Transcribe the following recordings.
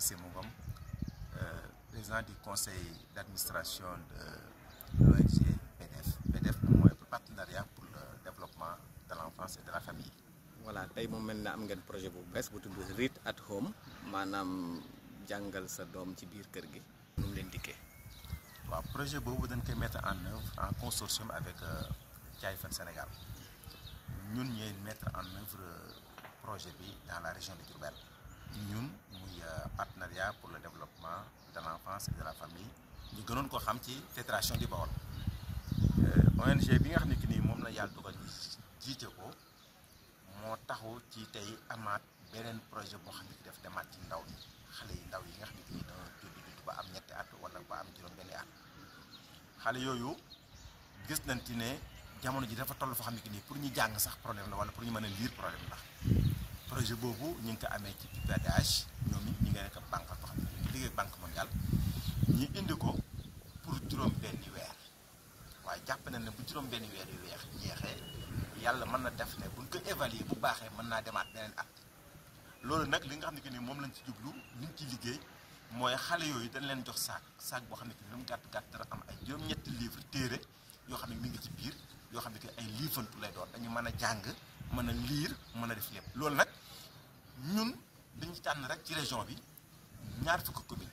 C'est mon euh, président du conseil d'administration de l'ONG PDF. PDF un partenariat pour le développement de l'enfance et de la famille. voilà nous avons un projet am ngeen projet bu de bu tudd Read at Home maanaam jàngal sa doom ci biir kër gi. nu mu leen projet est dañ koy mettre en œuvre en consortium avec euh, Thiaye Fan Sénégal ñun mettre en œuvre euh, projet bi dans la région de Diourbel ñun partenariat ya, pour le développement de l'enfance et de la famille ñu gënoon ko xam ci fédération du Baol euh, ONG bi nga xam ne nii la yàlla dogal ñu ko moo taxu ci tey amaat beneen projet boo xam ne daf demaat ci ndaw yi xale yi ndaw yi nga xam ne ba am ñetti at wala ba am at gis nañ ne jamono ji dafa tollu fo xam ne pour ñu jàng sax problème la wala pour ñu mëna lire problème la projet bobu ñu ko amé ci PDH. ñu indi ko pour juróom benni weer waaye jàpp na ne bu juróom benni weer yu weex jeexee yàlla mën na def ne buñ ko évaluer bu baaxee mën naa demaat beneen at loolu nag li nga xam ne que ni moom lañ ci jublu liñ ci liggéey mooy xale yooyu dañ leen jox saak saak boo xam ne que ni lu mu gàtt gàtt dana am ay juróom-ñetti téere yoo xam ne mi ngi ci biir yoo xam ne que ay liifantu lay doon dañu mën a jàng mën a liir mën a def lépp loolu nag ñun dañu tànn rek ci région bi ñaar fukki commune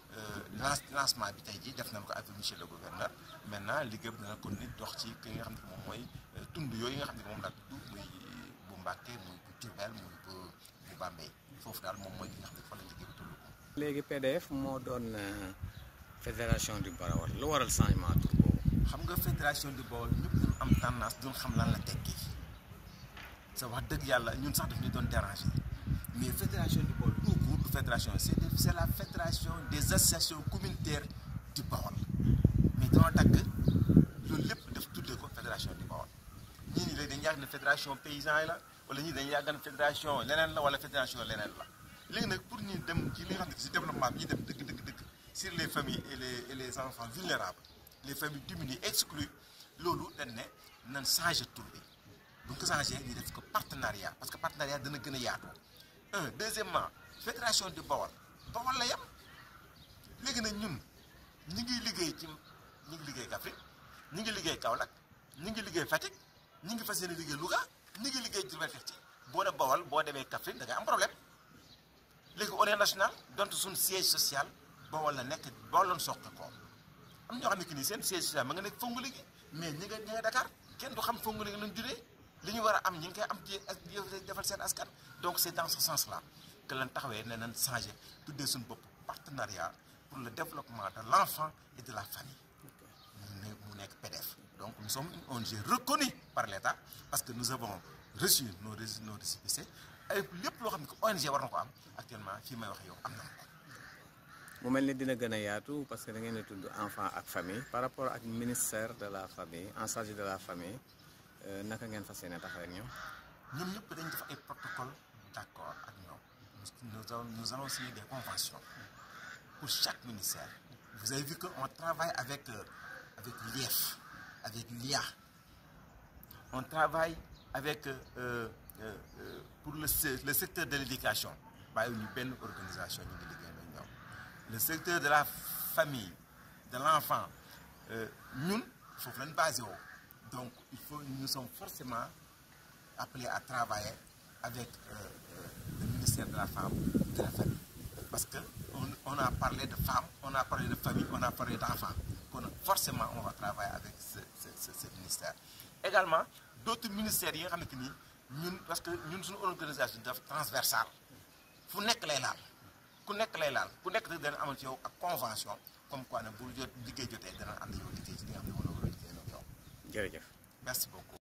Euh, lance lancement bi tey jii def nañ ko avec monsieur le gouverneur maintenant liggéey bi ko nit ci ki nga xam moom mooy euh, tund yooyu nga ne moom la tudd muy bu Mbàkke muy bu Diourbel muy bu bu foofu daal moom mooy li nga xam léegi PDF moo doon euh, fédération du Barawal lu waral changement tur boobu. xam nga fédération du Baol ñëpp dañu am tendance duñ xam lan la tekki sa wax dëgg yàlla ñun sax daf ñu doon déranger mais fédération du Baol. C'est la fédération des associations communautaires du Bawol mais dans le le lépp toutes les ko fédération du Bawol il y a une fédération paysan yi la wala une Fédération yàgg fédération la fédération leneen la pour nous, dem ci li développement sur les familles et les enfants vulnérables les familles diminuées exclues loolu dañ ne nan changer Donc ça, c'est ñu partenariat parce que le partenariat c'est un partenariat. deuxièmement fédération di Bawol Bawol la yem léegi na ñun ñi ngi liggéey ci ñi ngi liggéey Kaffrine ñi ngi liggéey Kaolack ñi ngi liggéey Fatick ñi ngi fas yéene liggéey Louga ñi ngi liggéey Diourbel fii ci boo ne Bawol boo demee Kaffrine da nga am problème léegi on est national donc suñ siège social Bawol la nekk boo lañ soq ko am ñoo xam ne que ni seen siège social ma nga nekk Fongolimbi mais ñi nga ñi nga Dakar kenn du xam Fongolimbi lañ juree li ñu war a am ñi ngi koy am ci defal seen askan donc c'est dans ce sens là que lan taxawee ne nan changé tuddee suñu bopp partenariat pour le développement de l' enfant et de la famille mu nekk PDF donc nous sommes une ONG reconnue par l' parce que nous avons reçu nos nos récépissés ay lépp loo xam ne que ONG war na ko am actuellement fii may wax yow am na ko mu mel ni dina gën a yaatu parce que da ngeen di tudd enfant ak famille par rapport ak ministère de la famille en charge de la famille euh, naka ngeen fa yéene taxawee ak ñoom. ñoom ñëpp d' accord ak nous allons, signer des conventions pour chaque ministère. Vous avez vu qu'on travaille avec, euh, avec l'IF, avec l'IA. On travaille avec, euh, euh, pour le, secteur de l'éducation, bah, une organisation. Le secteur de la famille, de l'enfant, nous, il faut faire une base. Donc, nous sommes forcément appelés à travailler avec de la femme, de la Parce que on a parlé de femme, on a parlé de famille, on a parlé d'enfants. Forcément, on va travailler avec ce, ministère. Également, d'autres ministères, parce que nous sommes une organisation transversale. Il faut que les convention comme quoi merci beaucoup.